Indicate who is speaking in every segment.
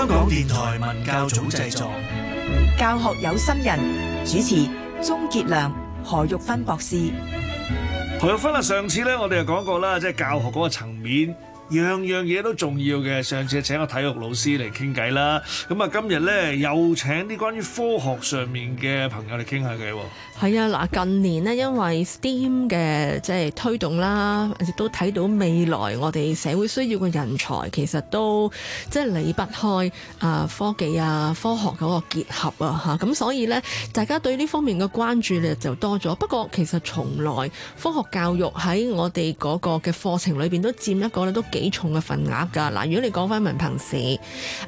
Speaker 1: 香港電台文教組製作，
Speaker 2: 教學有心人主持鍾傑良、何玉芬博士。
Speaker 1: 何玉芬啊，上次咧我哋就講過啦，即係教學嗰個層面。樣樣嘢都重要嘅。上次請個體育老師嚟傾偈啦，咁啊今日咧又請啲關於科學上面嘅朋友嚟傾下偈。
Speaker 2: 係啊，嗱近年咧，因為 STEAM 嘅即係推動啦，亦都睇到未來我哋社會需要嘅人才其實都即係離不開啊科技啊科學個結合啊吓。咁所以咧，大家對呢方面嘅關注咧就多咗。不過其實從來科學教育喺我哋個嘅課程裏邊都佔一個咧都幾。幾重嘅份額噶嗱？如果你講翻文憑試，誒、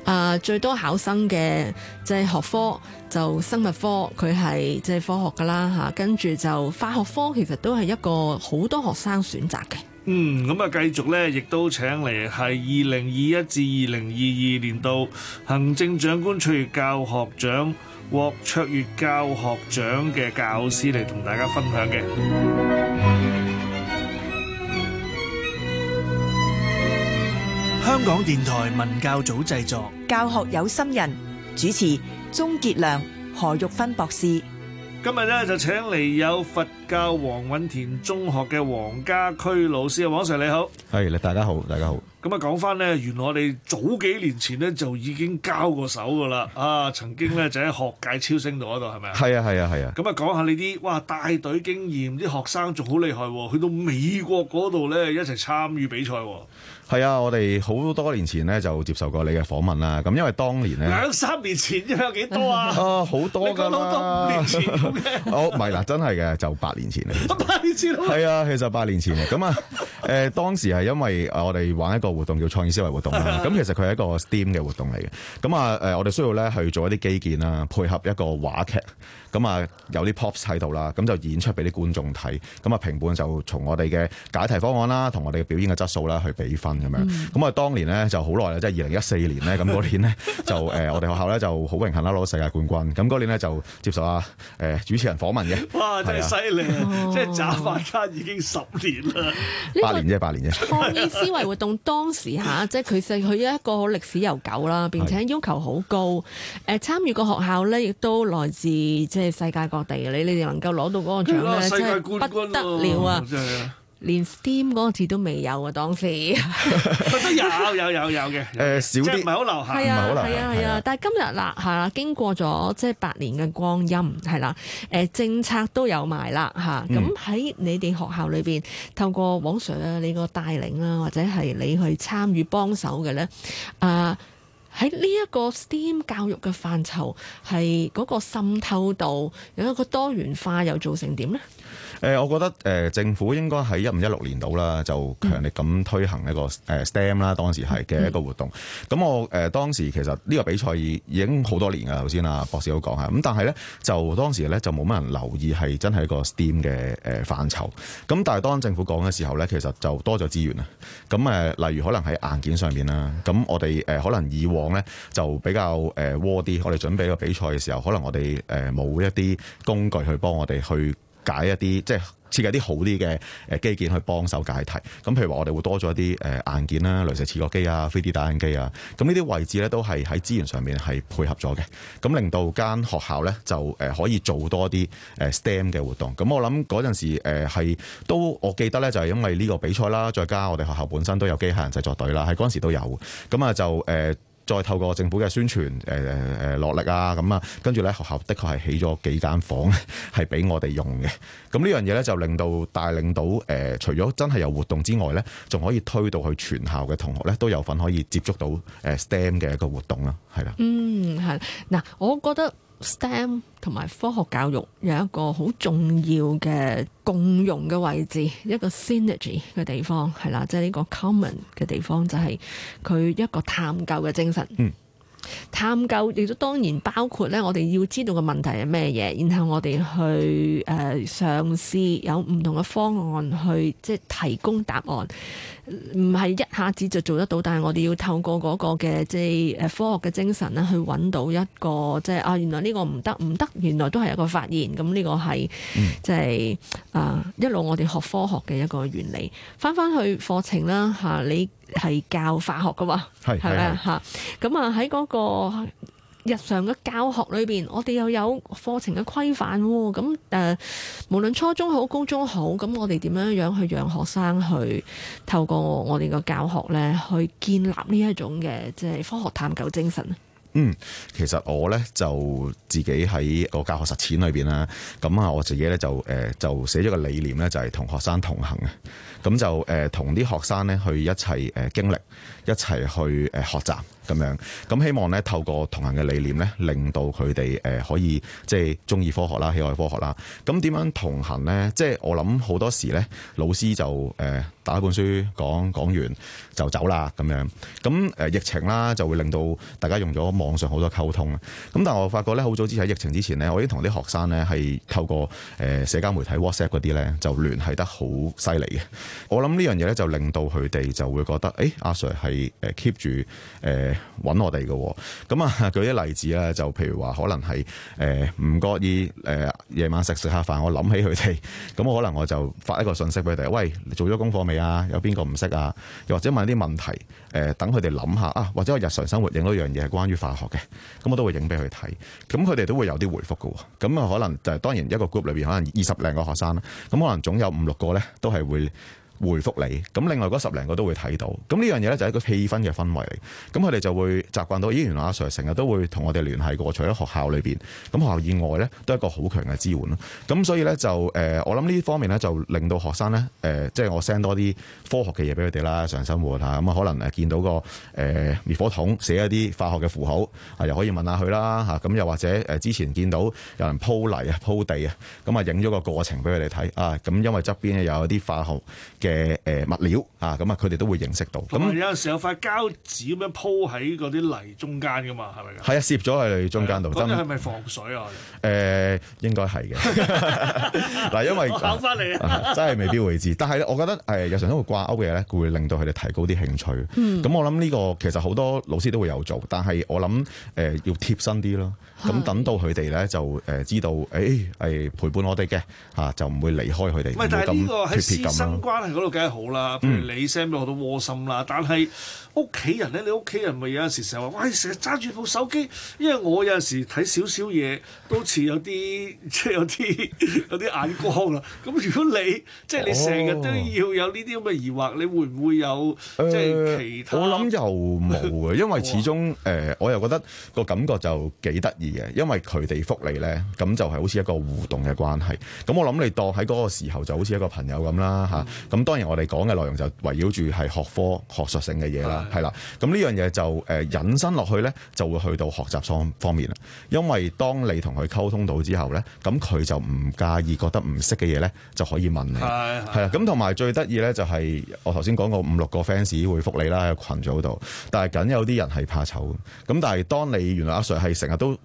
Speaker 2: 呃、最多考生嘅即係學科就生物科，佢係即係科學噶啦吓，跟住、啊、就化學科其實都係一個好多學生選擇嘅。
Speaker 1: 嗯，咁啊繼續咧，亦都請嚟係二零二一至二零二二年度行政長官卓越教學獎、獲卓越教學獎嘅教師嚟同大家分享嘅。香港電台文教組製作，
Speaker 2: 教學有心人主持鍾杰良、何玉芬博士。
Speaker 1: 今日咧就請嚟有佛教黃允畋中學嘅王家駒老師，王 Sir 你好。
Speaker 3: 係，大家好，大家好。
Speaker 1: 咁啊，講翻咧，原來我哋早幾年前咧就已經交過手噶啦，啊，曾經咧就喺學界超星度嗰度，係咪 啊？係
Speaker 3: 啊，係啊，係啊。
Speaker 1: 咁啊，講下你啲哇帶隊經驗，啲學生仲好厲害喎，去到美國嗰度咧一齊參與比賽喎。
Speaker 3: 係啊，我哋好多年前咧就接受過你嘅訪問啦。咁因為當年咧兩
Speaker 1: 三年前，知唔知有幾多啊？ 啊，好多噶、 oh, 啦，五年前咁
Speaker 3: 嘅。哦，唔係嗱，真係嘅就八年前 八
Speaker 1: 年前
Speaker 3: 係啊，其實八年前咁啊，誒 當時係因為我哋玩一個。創活動叫創意思維活動啦，咁其實佢係一個 STEAM 嘅活動嚟嘅。咁啊，誒，我哋需要咧去做一啲基建啦，配合一個話劇，咁啊，有啲 pops 喺度啦，咁就演出俾啲觀眾睇，咁啊，評判就從我哋嘅解題方案啦，同我哋嘅表演嘅質素啦去比分咁樣，咁啊，嗯，當年咧就好耐啦，即係二零一四年咧，咁嗰年咧就誒，我哋學校咧就好榮幸啦，攞世界冠軍，咁嗰年咧就接受啊，誒，主持人訪問嘅。哇，真係犀利，即係眨吓眼已經十年啦，八年啫，八年啫，創
Speaker 2: 意思維活動多。當時吓， 即係佢細佢一個好歷史悠久啦，並且要求好高。誒、呃，參與個學校咧，亦都來自即係世界各地嘅啊！你你哋能夠攞到嗰個獎咧，即係不得了啊！連 Steam 嗰個字都未有啊！當時
Speaker 1: 都 有有有有嘅，誒少啲，唔係好流行，唔係好流行，係啊係啊，
Speaker 2: 但係今日嗱嚇，經過咗即係八年嘅光陰係啦，誒、啊呃、政策都有埋啦嚇。咁、啊、喺你哋學校裏邊，透過王 Sir、啊、你個帶領啊，或者係你去參與幫手嘅咧，啊。喺呢一個 STEAM 教育嘅範疇係個滲透度有一個多元化，又造成點咧？
Speaker 3: 誒、呃、我覺得誒、呃、政府應該喺一五一六年度啦，就強力咁推行一個誒、呃、STEM 啦。當時係嘅一個活動，咁、嗯、我誒、呃、當時其實呢個比賽已經好多年噶啦。頭先阿博士都講嚇，咁但係咧就當時咧就冇乜人留意係真係一個 STEAM 嘅誒範疇，咁但係當政府講嘅時候咧，其實就多咗資源啊。咁誒、呃、例如可能喺硬件上面啦，咁我哋誒、呃、可能以往。講咧就比較誒窩啲，我哋準備個比賽嘅時候，可能我哋誒冇一啲工具去幫我哋去解,解一啲，即係設計啲好啲嘅誒基建去幫手解題。咁譬如話我哋會多咗一啲誒硬件啦，雷射切割機啊，3D 打印機啊，咁呢啲位置咧都係喺資源上面係配合咗嘅，咁令到間學校咧就誒可以做多啲誒 STEM 嘅活動。咁、嗯、我諗嗰陣時誒係都我記得咧，就係因為呢個比賽啦，再加我哋學校本身都有機械人製作隊啦，喺嗰陣時都有。咁啊就誒。呃再透過政府嘅宣傳，誒誒落力啊，咁、呃、啊，跟住咧學校的確係起咗幾間房，係俾我哋用嘅。咁呢樣嘢咧就令到帶領到誒、呃，除咗真係有活動之外咧，仲可以推到去全校嘅同學咧都有份可以接觸到誒、呃、STEM 嘅一個活動啦，係啦。
Speaker 2: 嗯，係。嗱，我覺得。STEM 同埋科學教育有一個好重要嘅共用嘅位置，一個 synergy 嘅地方，係啦，即係呢個 common 嘅地方，就係佢一個探究嘅精神。嗯。探究亦都當然包括咧，我哋要知道嘅問題係咩嘢，然後我哋去誒嘗、呃、試有唔同嘅方案去即係提供答案，唔係一下子就做得到，但係我哋要透過嗰個嘅即係誒科學嘅精神咧，去揾到一個即係啊，原來呢個唔得唔得，原來都係一個發現，咁呢個係即係啊一路我哋學科學嘅一個原理，翻翻去課程啦吓、啊、你。係教化學噶嘛，係啦吓，咁啊喺嗰個日常嘅教學裏邊，我哋又有課程嘅規範喎。咁誒，無論初中好，高中好，咁我哋點樣樣去讓學生去透過我哋嘅教學咧，去建立呢一種嘅即係科學探究精神。
Speaker 3: 嗯，其實我咧就自己喺個教學實踐裏邊啦，咁啊我自己咧就誒、呃、就寫咗個理念咧，就係、是、同學生同行嘅，咁就誒同啲學生咧去一齊誒、呃、經歷，一齊去誒、呃、學習。咁樣，咁希望咧透過同行嘅理念咧，令到佢哋誒可以即係中意科學啦，喜愛科學啦。咁點樣同行咧？即係我諗好多時咧，老師就誒、呃、打一本書講講完就走啦咁樣。咁、嗯、誒、呃、疫情啦，就會令到大家用咗網上好多溝通。咁但係我發覺咧，好早之前喺疫情之前咧，我已經同啲學生咧係透過誒、呃、社交媒體 WhatsApp 嗰啲咧就聯繫得好犀利嘅。我諗呢樣嘢咧就令到佢哋就會覺得誒、欸、阿 Sir 係誒 keep 住誒。呃呃呃呃呃呃搵我哋嘅，咁啊，舉啲例子啦，就譬如話可能係誒唔覺意誒夜晚食食下飯，我諗起佢哋，咁我可能我就發一個信息俾佢哋，喂，你做咗功課未啊？有邊個唔識啊？又或者問啲問題，誒、呃，等佢哋諗下啊，或者我日常生活影到一樣嘢係關於化學嘅，咁我都會影俾佢睇，咁佢哋都會有啲回覆嘅、哦，咁啊可能就當然一個 group 裏邊可能二十零個學生啦，咁可能總有五六個咧都係會。回覆你，咁另外嗰十零個都會睇到，咁呢樣嘢呢，就係一個氣氛嘅氛圍嚟，咁佢哋就會習慣到，咦？原來阿 Sir 成日都會同我哋聯繫過，除咗學校裏邊，咁學校以外呢，都係一個好強嘅支援咯，咁所以呢，就誒、呃，我諗呢方面呢，就令到學生呢，誒、呃，即係我 send 多啲科學嘅嘢俾佢哋啦，日常生活嚇咁啊，可能誒見到個誒、呃、滅火筒，寫一啲化學嘅符號、啊、又可以問下佢啦嚇，咁、啊、又或者之前見到有人鋪泥鋪啊、鋪地啊，咁啊影咗個過程俾佢哋睇啊，咁、啊、因為側邊又有啲化學嘅。誒誒，物料啊，咁啊，佢哋都會認識到。咁
Speaker 1: 有陣時有塊膠紙咁樣鋪喺嗰啲泥中間㗎嘛，係咪？
Speaker 3: 係啊，攝咗喺中間度。真係係
Speaker 1: 咪防水
Speaker 3: 啊？誒，應該係嘅。嗱，因為攋翻嚟，真係未必會知。但係我覺得誒，日常都會掛鈎嘅嘢咧，會令到佢哋提高啲興趣。咁我諗呢個其實好多老師都會有做，但係我諗誒要貼身啲咯。咁等到佢哋咧就誒知道，誒係陪伴我哋嘅嚇，就唔會離開佢哋。唔係，但係呢個
Speaker 1: 都梗係好啦，譬如你 send 俾我都窩心啦。但係屋企人咧，你屋企人咪有陣時成日話：喂、哎，成日揸住部手機。因為我有陣時睇少少嘢，都似有啲即係有啲 有啲眼光啦。咁如果你即係、就是、你成日都要有呢啲咁嘅疑惑，哦、你會唔會有即係、呃、
Speaker 3: 其他？我諗又冇嘅，因為始終誒哇、呃，我又覺得個感覺就幾得意嘅，因為佢哋覆你咧，咁就係好似一個互動嘅關係。咁我諗你當喺嗰個時候，就好似一個朋友咁啦，嚇咁、嗯。當然我哋講嘅內容就圍繞住係學科學術性嘅嘢啦，係啦是的。咁呢樣嘢就誒、呃、引申落去呢，就會去到學習方方面啦。因為當你同佢溝通到之後呢，咁佢就唔介意覺得唔識嘅嘢呢，就可以問你。係係啦。咁同埋最得意呢，就係我頭先講過五六個 fans 會覆你啦，喺群組度。但係梗有啲人係怕醜。咁但係當你原來阿 Sir 係成日都。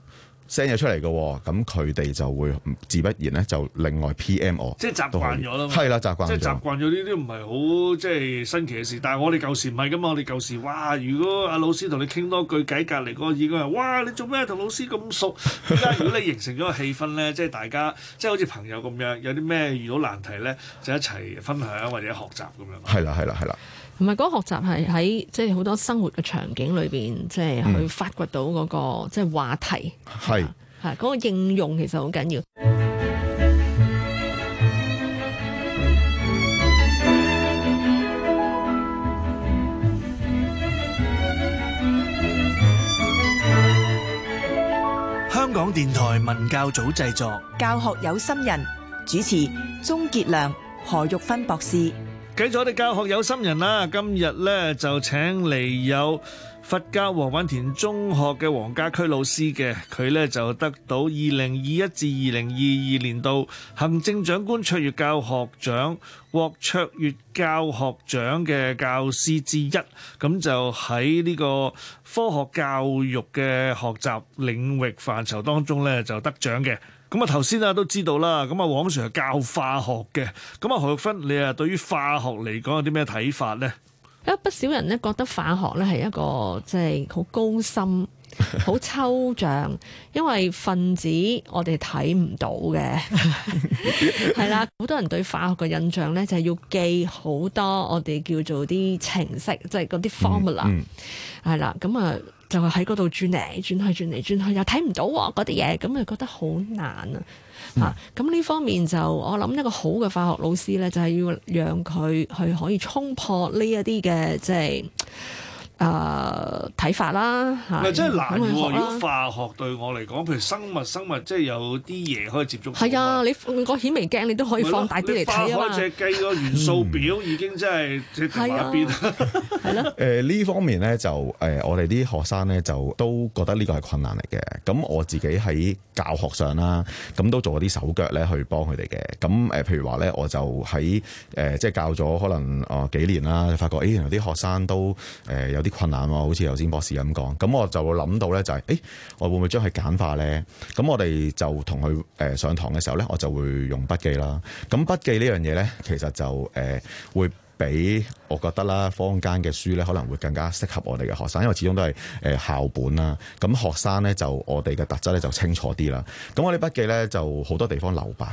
Speaker 3: 聲嘢出嚟嘅，咁佢哋就會自不然咧，就另外 PM 我，即係習慣咗啦，係啦，習慣即係習
Speaker 1: 慣咗呢啲唔係好即係新奇嘅事，但係我哋舊時唔係噶嘛，我哋舊時哇，如果阿老師同你傾多句偈，隔離個耳哥話，哇，你做咩同老師咁熟？依家如果你形成咗個氣氛咧， 即係大家即係好似朋友咁樣，有啲咩遇到難題咧，就一齊分享或者學習咁樣。
Speaker 3: 係啦，係啦，係啦。
Speaker 2: 同埋嗰學習係喺即係好多生活嘅場景裏邊，即係去發掘到嗰個即係話題，係係嗰個應用其實好緊要。
Speaker 1: 香港電台文教組製作，
Speaker 2: 教學有心人主持，鍾傑良、何玉芬博士。繼續我哋
Speaker 1: 教學有心人啦，今日咧就請嚟有佛教黃允畋中學嘅王家駒老師嘅，佢咧就得到二零二一至二零二二年度行政長官卓越教學獎獲卓越教學獎嘅教師之一，咁就喺呢個科學教育嘅學習領域範疇當中咧就得獎嘅。咁啊，頭先啊都知道啦。咁啊，王 Sir 係教化學嘅。咁啊，何玉芬，你啊對於化學嚟講有啲咩睇法咧？
Speaker 2: 啊，不少人咧覺得化學咧係一個即係好高深、好抽象， 因為分子我哋睇唔到嘅。係 啦，好多人對化學嘅印象咧就係要記好多我哋叫做啲程式，即係嗰啲 formula。係啦、嗯，咁、嗯、啊。就係喺嗰度轉嚟轉去，轉嚟轉去又睇唔到嗰啲嘢，咁咪覺得好難啊！嗯、啊，咁呢方面就我諗一個好嘅化學老師呢，就係、是、要讓佢去可以衝破呢一啲嘅即係。就是誒睇、呃、法啦，嗱，即係難。如果
Speaker 1: 化學對我嚟講，譬如生物、生物，即係有啲嘢可以接觸，係啊，
Speaker 2: 你換個顯微鏡你都可以放大啲嚟睇啊嘛。化學只
Speaker 1: 計個元素表已經真係、嗯、即係睇入邊咯。
Speaker 3: 誒呢、 呃、方面咧就誒、呃，我哋啲學生咧就都覺得呢個係困難嚟嘅。咁我自己喺教學上啦，咁都做咗啲手腳咧去幫佢哋嘅。咁誒譬如話咧，我就喺誒、呃、即係教咗可能啊幾年啦，發覺誒原來啲學生都誒有。啲困難好似頭先博士咁講，咁我就會諗到呢、就係，就係，誒，我會唔會將佢簡化呢？咁我哋就同佢誒上堂嘅時候呢，我就會用筆記啦。咁筆記呢樣嘢呢，其實就誒、呃、會比我覺得啦，坊間嘅書呢可能會更加適合我哋嘅學生，因為始終都係誒校本啦、啊。咁學生呢，就我哋嘅特質呢，就清楚啲啦。咁我哋筆記呢，就好多地方留白。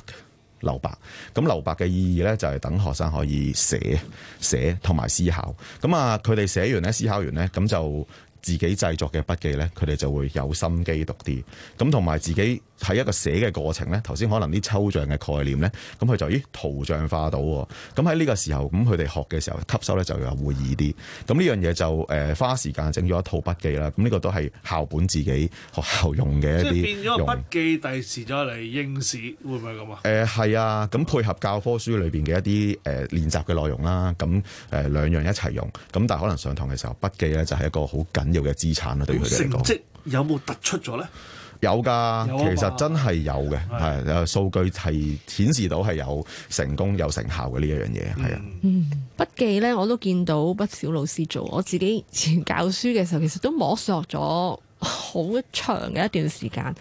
Speaker 3: 留白，咁留白嘅意義呢，就係等學生可以寫寫同埋思考。咁啊，佢哋寫完咧，思考完呢，咁就自己製作嘅筆記呢，佢哋就會有心機讀啲。咁同埋自己。係一個寫嘅過程咧，頭先可能啲抽象嘅概念咧，咁佢就咦圖像化到喎，咁喺呢個時候，咁佢哋學嘅時候吸收咧就又會易啲，咁呢樣嘢就誒花時間整咗一套筆記啦，咁呢個都係校本自己學校用嘅一啲。即係變咗筆
Speaker 1: 記，第時再嚟應試，
Speaker 3: 會唔會咁、呃、啊？誒係啊，咁配合教科書裏邊嘅一啲誒練習嘅內容啦，咁誒兩樣一齊用，咁但係可能上堂嘅時候筆記咧就係一個好緊要嘅資產咯，對佢哋嚟講。成績有冇突出咗咧？有㗎，其實真係有嘅，係誒的的數據係顯示到係有成功有成效嘅呢一樣嘢，係啊、嗯的嗯。筆
Speaker 2: 記咧，我都見到不少老師做，我自己以前教書嘅時候，其實都摸索咗好長嘅一段時間。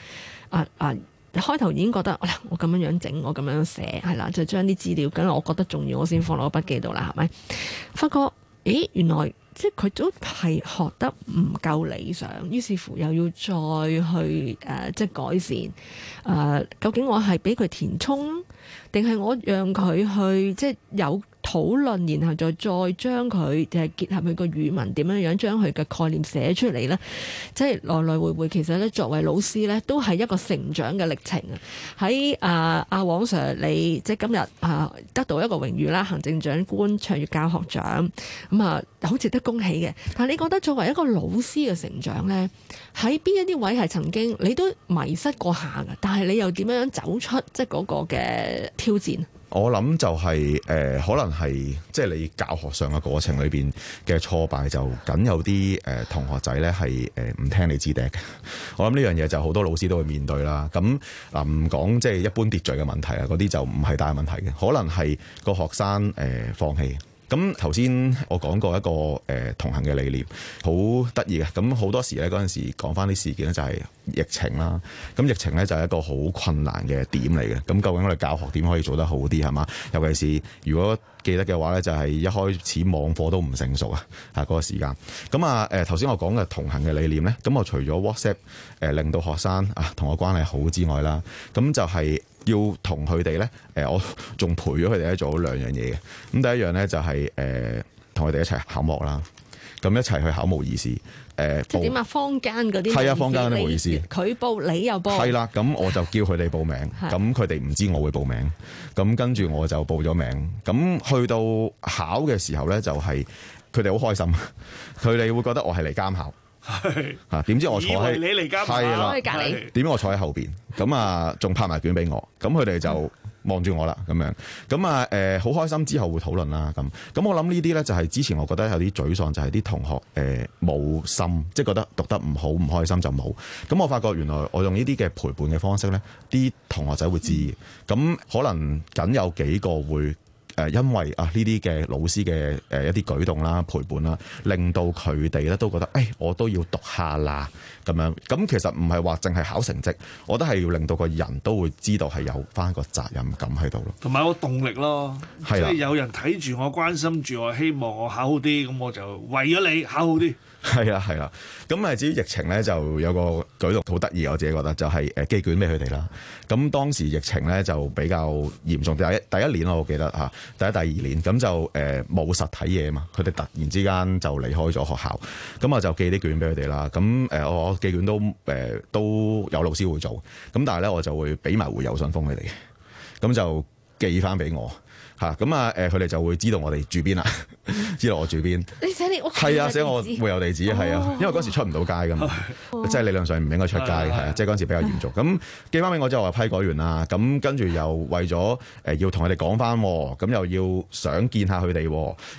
Speaker 2: 啊啊，開頭已經覺得，我咁樣樣整，我咁樣寫，係啦，就將啲資料，梗係我覺得重要，我先放落個筆記度啦，係咪？發覺，咦，原來～即係佢都係學得唔夠理想，於是乎又要再去誒、呃，即係改善。誒、呃，究竟我係俾佢填充，定係我讓佢去即係有？討論，然後再再將佢誒結合佢個語文點樣樣，將佢嘅概念寫出嚟呢？即係來來回回。其實咧，作為老師呢，都係一個成長嘅歷程、呃、ir，啊。喺啊阿王 sir，你即係今日啊得到一個榮譽啦，行政長官卓越教學獎，咁啊好值得恭喜嘅。但係你覺得作為一個老師嘅成長呢，喺邊一啲位係曾經你都迷失過下嘅，但係你又點樣走出即係嗰、嗰個嘅挑戰？
Speaker 3: 我諗就係、是、誒、呃，可能係即係你教學上嘅過程裏邊嘅挫敗，就僅有啲誒、呃、同學仔咧係誒唔聽你指令嘅。我諗呢樣嘢就好多老師都會面對啦。咁嗱，唔講即係一般秩序嘅問題啊，嗰啲就唔係大問題嘅，可能係個學生誒、呃、放棄。咁頭先我講過一個誒、呃、同行嘅理念，好得意嘅。咁好多時咧嗰陣時講返啲事件咧，就係疫情啦。咁疫情咧就係一個好困難嘅點嚟嘅。咁究竟我哋教學點可以做得好啲係嘛？尤其是如果記得嘅話咧，就係、是、一開始網課都唔成熟啊。啊，嗰、那個時間。咁啊誒頭先我講嘅同行嘅理念咧，咁我除咗 WhatsApp 誒、呃、令到學生啊同我關係好之外啦，咁就係、是。要同佢哋咧，誒、呃，我仲陪咗佢哋咧做咗兩樣嘢嘅。咁第一樣咧就係、是、誒，同佢哋一齊考模啦，咁一齊去考模擬試，誒、呃，即係點
Speaker 2: 啊？坊間嗰啲係啊，坊間嗰啲模擬試，佢報你又報，係啦、啊。
Speaker 3: 咁我就叫佢哋報名，咁佢哋唔知我會報名，咁跟住我就報咗名。咁去到考嘅時候咧、就是，就係佢哋好開心，佢哋會覺得我係嚟監考。係點是知我坐喺你離家唔遠，隔籬。點知我坐喺後邊，咁啊，仲拍埋卷俾我。咁佢哋就望住我啦，咁樣。咁啊，誒、呃，好開心之後會討論啦。咁，咁我諗呢啲咧，就係之前我覺得有啲沮喪，就係、是、啲同學誒冇、呃、心，即、就、係、是、覺得讀得唔好，唔開心就冇。咁我發覺原來我用呢啲嘅陪伴嘅方式咧，啲同學仔會知。咁可能僅有幾個會。誒，因為啊呢啲嘅老師嘅誒一啲舉動啦、陪伴啦，令到佢哋咧都覺得，誒我都要讀下啦咁樣。咁其實唔係話淨係考成績，我都係要令到個人都會知道係有翻個責任感喺度咯，
Speaker 1: 同埋個動力咯。即係有人睇住我、關心住我，希望我考好啲，咁我就
Speaker 3: 為咗你考好啲。 係啊係啦，咁啊至於疫情咧就有個舉動好得意，我自己覺得就係、是、誒寄卷俾佢哋啦。咁當時疫情咧就比較嚴重，第一第一年我記得吓，第一第二年咁就誒冇、呃、實體嘢嘛，佢哋突然之間就離開咗學校，咁我就寄啲卷俾佢哋啦。咁誒、呃、我寄卷都誒、呃、都有老師會做，咁但係咧我就會俾埋回郵信封佢哋，咁就寄翻俾我。啊，咁啊，誒，佢哋就會知道我哋住邊啦，知道我住邊。你
Speaker 1: 寫你，屋企係啊，寫我會有地址係啊，因為嗰時
Speaker 3: 出唔到街噶嘛，哦、即係理論上唔應該出街，係、哦、啊，即係嗰時比較嚴重。咁寄翻俾我之後我話批改完啦，咁跟住又為咗誒、呃、要同佢哋講翻，咁又要想見下佢哋，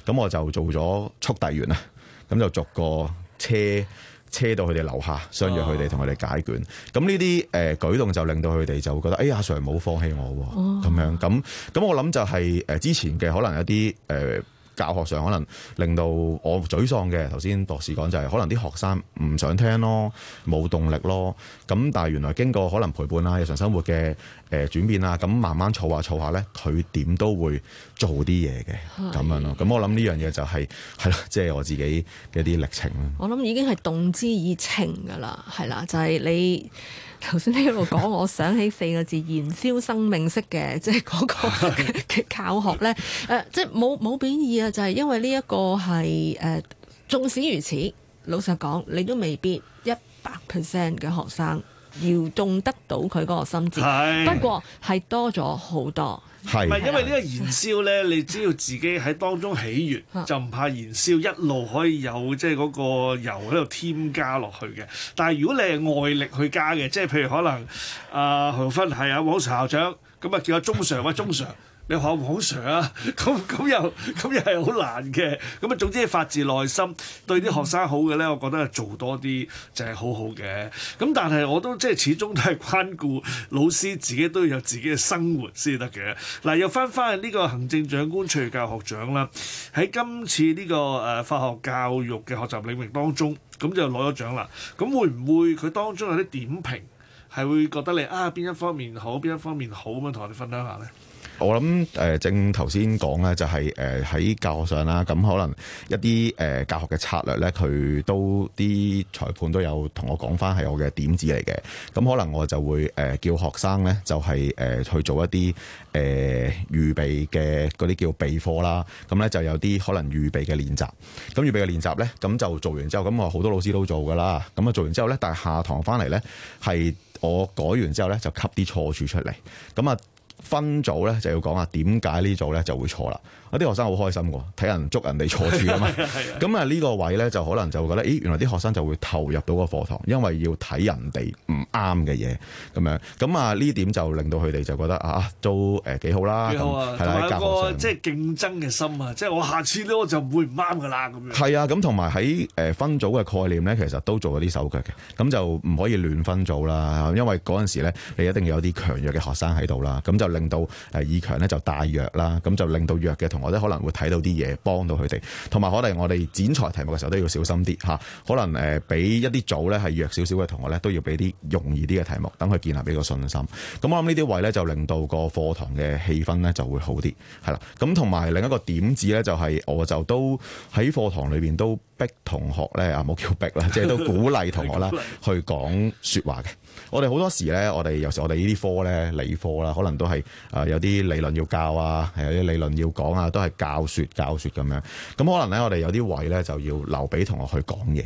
Speaker 3: 咁我就做咗速遞員啊，咁就逐個車。車到佢哋樓下，相約佢哋同佢哋解卷。咁呢啲誒舉動就令到佢哋就會覺得，oh. 哎呀，阿 Sir 冇放棄我喎，咁、oh. 樣咁咁。我諗就係誒之前嘅可能有啲誒教學上可能令到我沮喪嘅。頭先博士講就係可能啲學生唔想聽咯，冇動力咯。咁但係原來經過可能陪伴啊，日常生活嘅。誒、呃、轉變啦，咁慢慢儲下儲下咧，佢點都會做啲嘢嘅，咁樣咯。咁的我諗呢樣嘢就係係咯，即係、就是、我自己嘅啲歷程咯。
Speaker 2: 我諗已經係動之以情嘅啦，係啦，就係、是、你頭先呢一路講，我想起四個字，燃燒生命式嘅，即係嗰個嘅教學咧。誒，即係冇冇貶義啊，就係、是、因為呢一個係誒、呃，縱使如此，老實講，你都未必一百 percent 嘅學生。搖動得到佢嗰個心節，不是過係多咗好多。唔係是因
Speaker 1: 為呢個燃燒咧， 你只要自己喺當中喜悅，就唔怕燃燒。一路可以有即係嗰個油喺度添加落去嘅。但係如果你係外力去加嘅，即係譬如可能阿、呃、何芬係啊，黃 Sir 校長咁啊，叫阿鐘常啊，鐘常。你話唔好上啊？咁咁又咁又係好難嘅。咁啊，總之發自內心對啲學生好嘅咧，我覺得做多啲就係好好嘅。咁但係我都即係始終都係關顧老師自己都要有自己嘅生活先得嘅。嗱，又翻返去呢個行政官長官卓越教學獎啦。喺今次呢、這個誒、呃、法學教育嘅學習領域當中，咁就攞咗獎啦。咁會唔會佢當中有啲點,點評係會覺得你啊邊一方面好，邊一方面好咁啊？同我哋分享下咧。
Speaker 3: 我諗誒、呃，正頭先講咧，就係誒喺教學上啦，咁可能一啲誒、呃、教學嘅策略咧，佢都啲裁判都有同我講翻係我嘅點子嚟嘅。咁可能我就會誒、呃、叫學生咧，就係、是、誒、呃、去做一啲誒預備嘅嗰啲叫備課啦。咁咧就有啲可能預備嘅練習。咁預備嘅練習咧，咁就做完之後，咁我好多老師都做噶啦。咁啊做完之後咧，但係下堂翻嚟咧，係我改完之後咧，就吸啲錯處出嚟。咁啊。分組咧就要講下點解呢組咧就會錯啦。啲學生好開心㗎，睇人捉人哋錯處啊嘛。咁啊呢個位咧就可能就會覺得，咦，原來啲學生就會投入到個課堂，因為要睇人哋唔啱嘅嘢咁樣。咁啊呢點就令到佢哋就覺得啊都誒、呃、幾好啦。同埋、啊、那個
Speaker 1: 即係競爭嘅心啊，即、就、係、是、我下次咧我就唔會唔啱㗎啦。咁樣係啊。
Speaker 3: 咁同埋喺誒分組嘅概念咧，其實都做咗啲手腳嘅。咁就唔可以亂分組啦，因為嗰陣時咧你一定要有啲強弱嘅學生喺度啦。咁就令到誒、呃、以強咧就帶弱啦，咁就令到弱嘅同學或者可能會睇到啲嘢，幫到佢哋，同埋可能我哋剪裁題目嘅時候都要小心啲吓、啊。可能誒，俾、呃、一啲組咧係弱少少嘅同學咧，都要俾啲容易啲嘅題目，等佢建立呢個信心。咁我諗呢啲位咧，就令到個課堂嘅氣氛咧就會好啲，係啦。咁同埋另一個點子咧，就係、是、我就都喺課堂裏邊都逼同學咧啊，冇叫逼啦，即係都鼓勵同學啦 去講説話嘅。我哋好多時咧，我哋尤其我哋呢啲科咧，理科啦，可能都係啊、呃、有啲理論要教啊，係有啲理論要講啊。都係教說教說咁樣咁，可能咧我哋有啲位咧就要留俾同學去講嘢，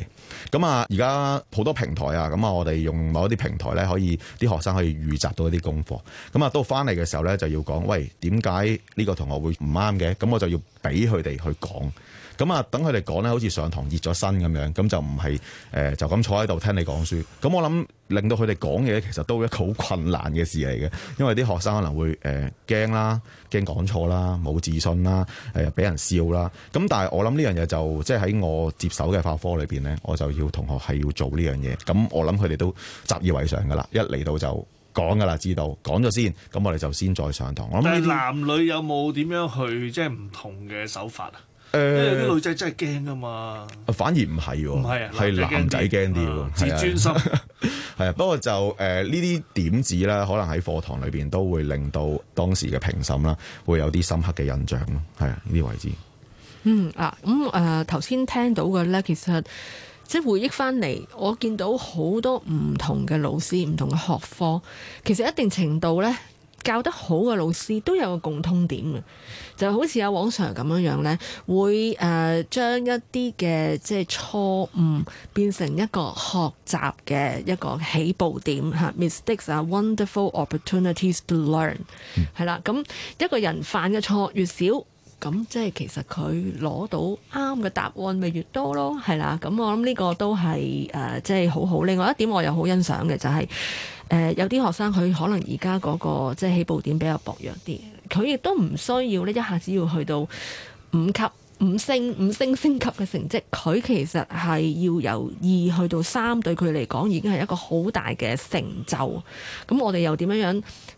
Speaker 3: 咁啊。而家好多平台啊，咁啊，我哋用某一啲平台咧，可以啲學生可以預習到一啲功課咁啊。到翻嚟嘅時候咧，就要講：喂，點解呢個同學會唔啱嘅？咁我就要。俾佢哋去講，咁啊等佢哋講咧，好似上堂熱咗身咁樣，咁就唔係誒就咁坐喺度聽你講書。咁我諗令到佢哋講嘢，其實都一個好困難嘅事嚟嘅，因為啲學生可能會誒驚啦，驚、呃、講錯啦，冇自信啦，誒、呃、俾人笑啦。咁但係我諗呢樣嘢就即係喺我接手嘅法科裏邊呢，我就要同學係要做呢樣嘢。咁我諗佢哋都習以為常噶啦，一嚟到就。講噶啦，知道講咗先，咁我哋就先再上堂。我諗但係
Speaker 1: 男女有冇點樣去即係唔同嘅手法、呃、
Speaker 3: 啊？因為啲女
Speaker 1: 仔真係驚啊嘛。
Speaker 3: 反而唔係，唔係係男仔驚啲，自尊心係啊。不過就誒呢啲點子啦，可能喺課堂裏邊都會令到當時嘅評審啦，會有啲深刻嘅印象咯。係、嗯、啊，呢啲位置。嗯、
Speaker 2: 呃、啊，咁誒頭先聽到嘅咧，其實。即係回憶翻嚟，我見到好多唔同嘅老師、唔同嘅學科，其實一定程度咧，教得好嘅老師都有個共通點嘅，就好似阿王 Sir 咁樣樣咧，會誒、呃、將一啲嘅即係錯誤變成一個學習嘅一個起步點嚇 ，Mistakes are wonderful opportunities to learn，係啦，咁 一個人犯嘅錯越少。咁即係其實佢攞到啱嘅答案，咪越多咯，係啦。咁我諗呢個都係誒、呃，即係好好。另外一點，我又好欣賞嘅就係、是、誒、呃，有啲學生佢可能而家嗰個即係起步點比較薄弱啲，佢亦都唔需要呢一下子要去到五級。五星五星星級嘅成績，佢其實係要由二去到三，對佢嚟講已經係一個好大嘅成就。咁我哋又點樣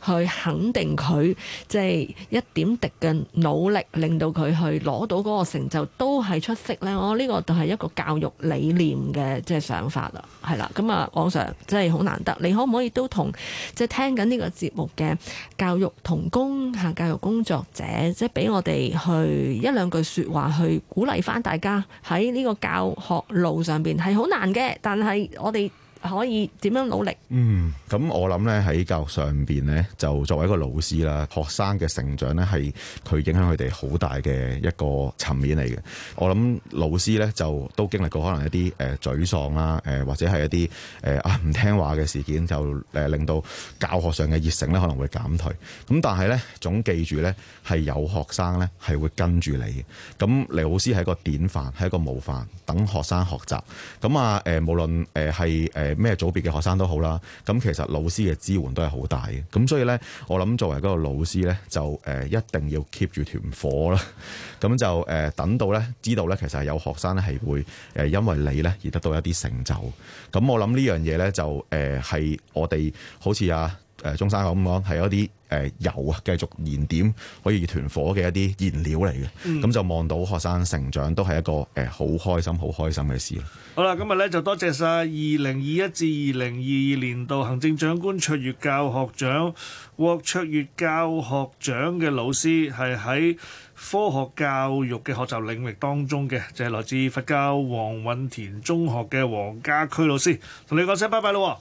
Speaker 2: 樣去肯定佢，即係一點滴嘅努力，令到佢去攞到嗰個成就都係出色咧？我、哦、呢、呢個就係一個教育理念嘅即係想法啦，係啦。咁啊，王 Sir 真係好難得，你可唔可以都同即係聽緊呢個節目嘅教育同工吓、教育工作者，即係俾我哋去一兩句說話。去鼓勵翻大家喺呢個教學路上邊係好難嘅，但係我哋。可以點樣努力？嗯，
Speaker 3: 咁我諗呢，喺教育上邊呢，就作為一個老師啦，學生嘅成長呢，係佢影響佢哋好大嘅一個層面嚟嘅。我諗老師呢，就都經歷過可能一啲誒沮喪啦，誒或者係一啲誒、呃、啊唔聽話嘅事件，就誒令到教學上嘅熱誠呢，可能會減退。咁但係呢，總記住呢，係有學生呢，係會跟住你嘅。咁你老師係一個典範，係一個模範，等學生學習。咁啊誒，無論誒係誒。呃咩組別嘅學生都好啦，咁其實老師嘅支援都係好大嘅，咁所以呢，我諗作為嗰個老師呢，就誒一定要 keep 住團火啦，咁 就誒等到呢，知道呢，其實有學生呢係會誒因為你呢而得到一啲成就，咁我諗呢樣嘢呢，就誒係、呃、我哋好似啊。誒中山講咁講係一啲誒油啊，繼續燃點可以團火嘅一啲燃料嚟嘅，咁、嗯、就望到學生成長都係一個誒好、呃、開心、好開心嘅事咯。
Speaker 1: 好啦，今日咧就多謝晒二零二一至二零二二年度行政長官卓越教學獎、獲卓越教學獎嘅老師，係喺科學教育嘅學習領域當中嘅，就係、是、來自佛教黃允畋中學嘅王家駒老師，同你講聲拜
Speaker 4: 拜咯。